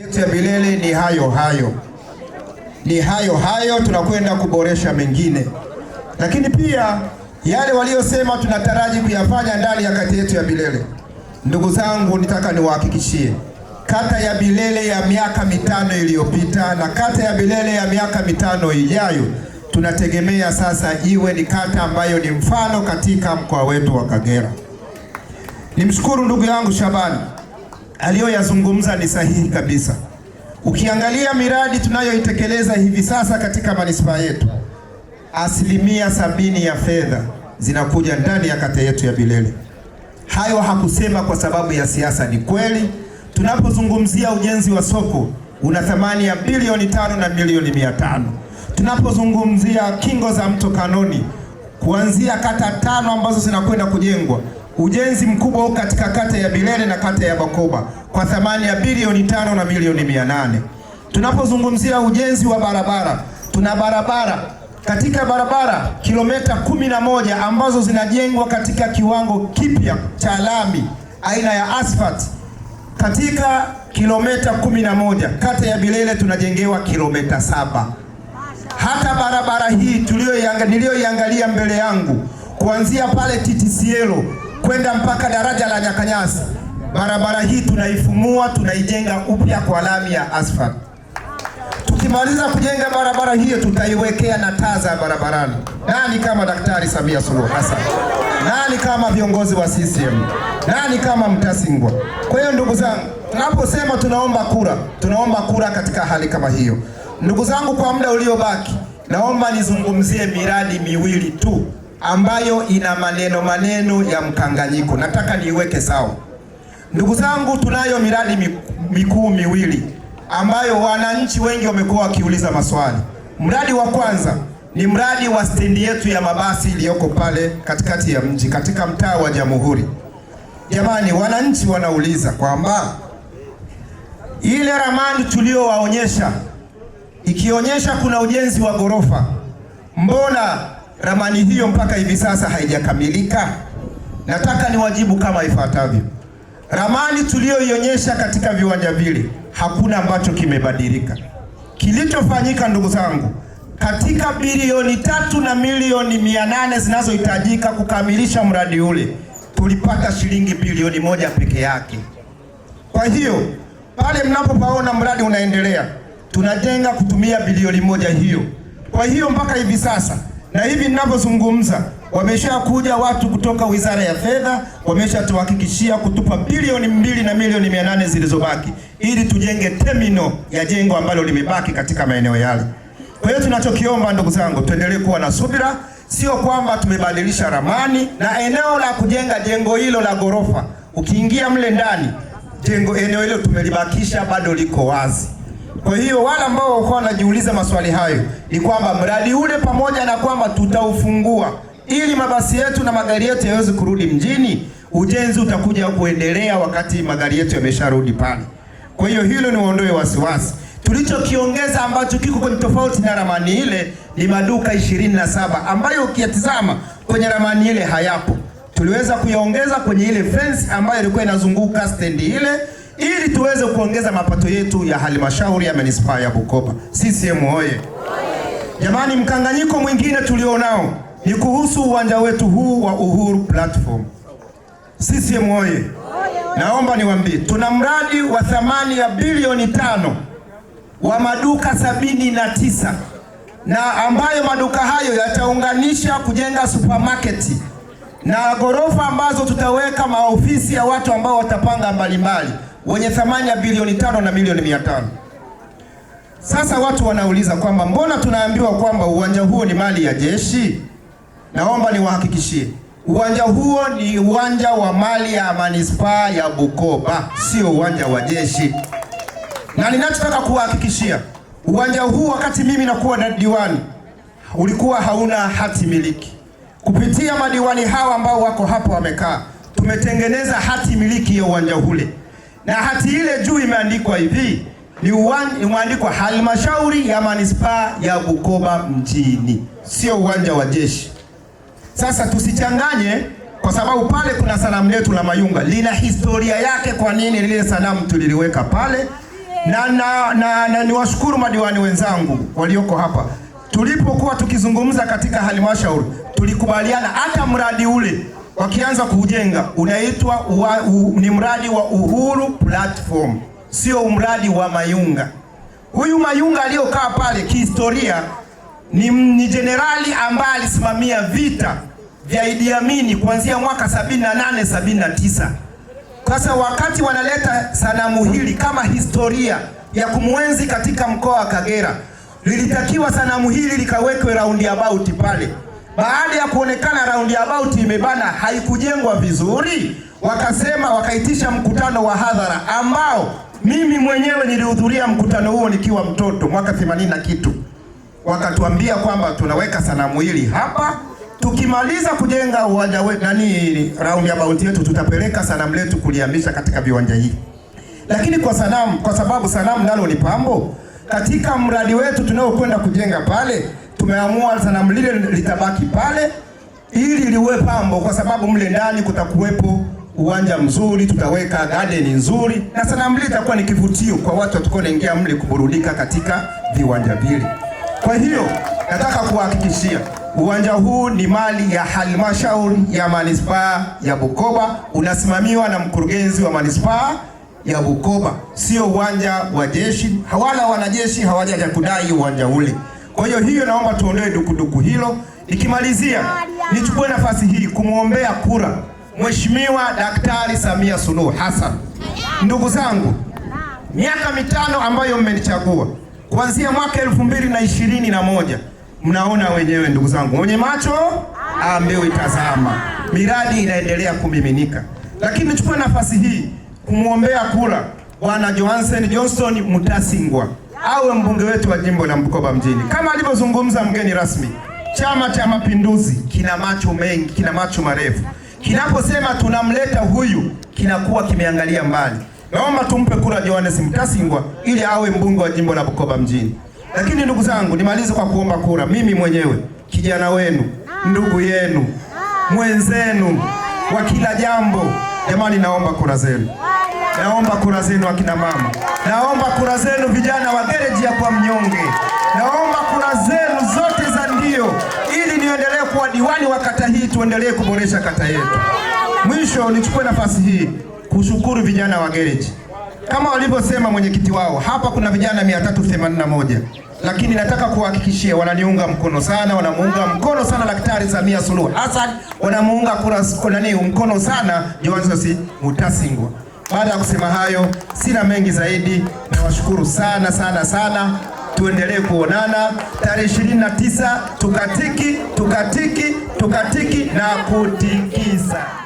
yetu ya Bilele ni hayo hayo, ni hayo hayo, tunakwenda kuboresha mengine, lakini pia yale waliyosema tunataraji kuyafanya ndani ya kata yetu ya Bilele. Ndugu zangu, nitaka niwahakikishie kata ya Bilele ya miaka mitano iliyopita na kata ya Bilele ya miaka mitano ijayo, tunategemea sasa iwe ni kata ambayo ni mfano katika mkoa wetu wa Kagera. Nimshukuru ndugu yangu Shabani aliyoyazungumza ni sahihi kabisa. Ukiangalia miradi tunayoitekeleza hivi sasa katika manispaa yetu, asilimia sabini ya fedha zinakuja ndani ya kata yetu ya Bilele. Hayo hakusema kwa sababu ya siasa, ni kweli. Tunapozungumzia ujenzi wa soko una thamani ya bilioni tano na milioni mia tano. Tunapozungumzia kingo za mto Kanoni kuanzia kata tano ambazo zinakwenda kujengwa ujenzi mkubwa katika kata ya Bilele na kata ya Bakoba kwa thamani ya bilioni tano na milioni mia nane. Tunapozungumzia ujenzi wa barabara, tuna barabara katika barabara kilomita kumi na moja ambazo zinajengwa katika kiwango kipya cha lami aina ya asphalt. Katika kilomita kumi na moja kata ya Bilele tunajengewa kilomita saba. Hata barabara hii niliyoiangalia mbele yangu kuanzia pale TTCL kwenda mpaka daraja la Nyakanyasi. Barabara hii tunaifumua, tunaijenga upya kwa lami ya asfalt. Tukimaliza kujenga barabara hiyo, tutaiwekea na taa za barabarani. Nani kama Daktari Samia Suluhu Hassan? Nani kama viongozi wa CCM? Nani kama Mtasingwa? Kwa hiyo ndugu zangu, tunaposema tunaomba kura, tunaomba kura katika hali kama hiyo. Ndugu zangu, kwa muda uliobaki, naomba nizungumzie miradi miwili tu ambayo ina maneno maneno ya mkanganyiko. Nataka niiweke sawa, ndugu zangu. Tunayo miradi mikuu miwili ambayo wananchi wengi wamekuwa wakiuliza maswali. Mradi wa kwanza ni mradi wa stendi yetu ya mabasi iliyoko pale katikati ya mji katika mtaa wa Jamhuri. Jamani, wananchi wanauliza kwamba ile ramani tuliyowaonyesha ikionyesha kuna ujenzi wa ghorofa, mbona ramani hiyo mpaka hivi sasa haijakamilika. Nataka niwajibu kama ifuatavyo. Ramani tuliyoionyesha katika viwanja vile hakuna ambacho kimebadilika. Kilichofanyika ndugu zangu, katika bilioni tatu na milioni mia nane zinazohitajika kukamilisha mradi ule tulipata shilingi bilioni moja peke yake. Kwa hiyo pale mnapopaona mradi unaendelea, tunajenga kutumia bilioni moja hiyo. Kwa hiyo mpaka hivi sasa na hivi ninavyozungumza, wameshakuja watu kutoka Wizara ya Fedha, wameshatuhakikishia kutupa bilioni mbili na milioni mia nane zilizobaki ili tujenge temino ya jengo ambalo limebaki katika maeneo yale. Kwa hiyo tunachokiomba ndugu zangu, tuendelee kuwa na subira. Sio kwamba tumebadilisha ramani na eneo la kujenga jengo hilo la ghorofa, ukiingia mle ndani jengo eneo hilo tumelibakisha, bado liko wazi. Kwa hiyo wale ambao walikuwa wanajiuliza maswali hayo, ni kwamba mradi ule pamoja na kwamba tutaufungua ili mabasi yetu na magari yetu yaweze kurudi mjini, ujenzi utakuja kuendelea wakati magari yetu yamesharudi pale. Kwa hiyo hilo ni waondoe wasiwasi. Tulichokiongeza ambacho kiko kwenye tofauti na ramani ile ni maduka 27 ambayo ukiyatizama kwenye ramani ile hayapo. Tuliweza kuyaongeza kwenye ile fence ambayo ilikuwa inazunguka stendi ile ili tuweze kuongeza mapato yetu ya halmashauri ya manispaa ya Bukoba. CCM oye! Jamani, mkanganyiko mwingine tulionao ni kuhusu uwanja wetu huu wa Uhuru Platform. CCM oye! Naomba niwaambie, tuna mradi wa thamani ya bilioni tano wa maduka sabini na tisa na ambayo maduka hayo yataunganisha kujenga supermarket na ghorofa ambazo tutaweka maofisi ya watu ambao watapanga mbalimbali wenye thamani ya bilioni tano na milioni mia tano. Sasa watu wanauliza kwamba mbona tunaambiwa kwamba uwanja huo ni mali ya jeshi? Naomba niwahakikishie uwanja huo ni uwanja wa mali ya manispaa ya Bukoba, sio uwanja wa jeshi. Na ninachotaka kuwahakikishia uwanja huu, wakati mimi nakuwa na diwani, ulikuwa hauna hati miliki. Kupitia madiwani hawa ambao wako hapo wamekaa, tumetengeneza hati miliki ya uwanja ule na hati ile juu imeandikwa hivi, imeandikwa halmashauri ya manispaa ya Bukoba mjini, sio uwanja wa jeshi. Sasa tusichanganye, kwa sababu pale kuna sanamu letu la Mayunga, lina historia yake, kwa nini lile sanamu tuliliweka pale na, na, na, na niwashukuru madiwani wenzangu walioko hapa. Tulipokuwa tukizungumza katika halmashauri, tulikubaliana hata mradi ule wakianza kuujenga unaitwa ni mradi wa Uhuru Platform, sio mradi wa Mayunga. Huyu Mayunga aliyokaa pale kihistoria ni, ni jenerali ambaye alisimamia vita vya Idi Amini kuanzia mwaka 78 79. Sasa wakati wanaleta sanamu hili kama historia ya kumwenzi katika mkoa wa Kagera, lilitakiwa sanamu hili likawekwe roundabout pale baada ya kuonekana roundabout imebana haikujengwa vizuri, wakasema wakaitisha mkutano wa hadhara ambao mimi mwenyewe nilihudhuria mkutano huo nikiwa mtoto mwaka 80 na kitu. Wakatuambia kwamba tunaweka sanamu hili hapa, tukimaliza kujenga uwanja wetu nani roundabout yetu, tutapeleka sanamu letu kuliamisha katika viwanja hivi. Lakini kwa sanamu, kwa sababu sanamu nalo ni pambo katika mradi wetu tunaokwenda kujenga pale tumeamua sanamu lile litabaki pale ili liwe pambo, kwa sababu mle ndani kutakuwepo uwanja mzuri, tutaweka garden nzuri na sanamu lile litakuwa ni kivutio kwa watu watakaoingia mle kuburudika katika viwanja vile. Kwa hiyo nataka kuhakikishia uwanja huu ni mali ya halmashauri ya manispaa ya Bukoba, unasimamiwa na mkurugenzi wa manispaa ya Bukoba, sio uwanja wa jeshi. Hawala wanajeshi hawajaja kudai uwanja ule. Kwa hiyo hiyo, naomba tuondoe dukuduku hilo. Nikimalizia, nichukue nafasi hii kumwombea kura Mheshimiwa Daktari Samia Suluhu Hassan. Ndugu zangu, miaka mitano ambayo mmenichagua kuanzia mwaka elfu mbili na ishirini na moja mnaona wenyewe ndugu zangu, mwenye macho ambiwe tazama, miradi inaendelea kumiminika. Lakini nichukue nafasi hii kumwombea kura Bwana Johansen Johnson Mutasingwa awe mbunge wetu wa jimbo la Bukoba mjini. Kama alivyozungumza mgeni rasmi, Chama cha Mapinduzi kina macho mengi, kina macho marefu. Kinaposema tunamleta huyu, kinakuwa kimeangalia mbali. Naomba tumpe kura Johannes Mtasingwa ili awe mbunge wa jimbo la Bukoba mjini. Lakini ndugu zangu, nimalize kwa kuomba kura. Mimi mwenyewe kijana wenu, ndugu yenu, mwenzenu wa kila jambo. Jamani, naomba kura zenu. Naomba kura zenu akina mama, naomba kura zenu vijana wa gereji ya kwa mnyonge, naomba kura zenu zote za ndio, ili niendelee kuwa diwani wa kata hii, tuendelee kuboresha kata yetu. Mwisho nichukue nafasi hii kushukuru vijana wa gereji kama walivyosema mwenyekiti wao hapa, kuna vijana 381 lakini nataka kuhakikishia wananiunga mkono sana, wanamuunga mkono sana Daktari Samia Suluhu Hassan, wanamuunga kura nani mkono sana Johannes Mutasingwa. Baada ya kusema hayo, sina mengi zaidi. Nawashukuru sana sana sana, tuendelee kuonana tarehe 29, tukatiki tukatiki tukatiki na kutikiza